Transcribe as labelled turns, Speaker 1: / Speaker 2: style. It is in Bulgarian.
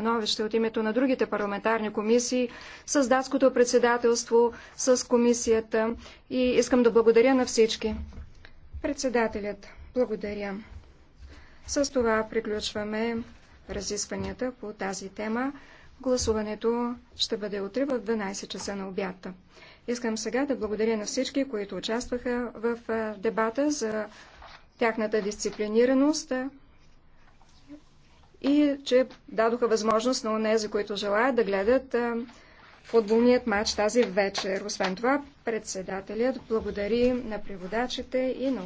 Speaker 1: становище от името на другите парламентарни комисии, с датското председателство, с комисията и искам да благодаря на всички. Председателят, благодаря. С това приключваме разискванията по тази тема. Гласуването ще бъде утре в 12 часа на обята. Искам сега да благодаря на всички, които участваха в дебата за тяхната дисциплинираност че дадоха възможност на онези, които желаят да гледат футболният матч тази вечер. Освен това, председателят благодари на преводачите и на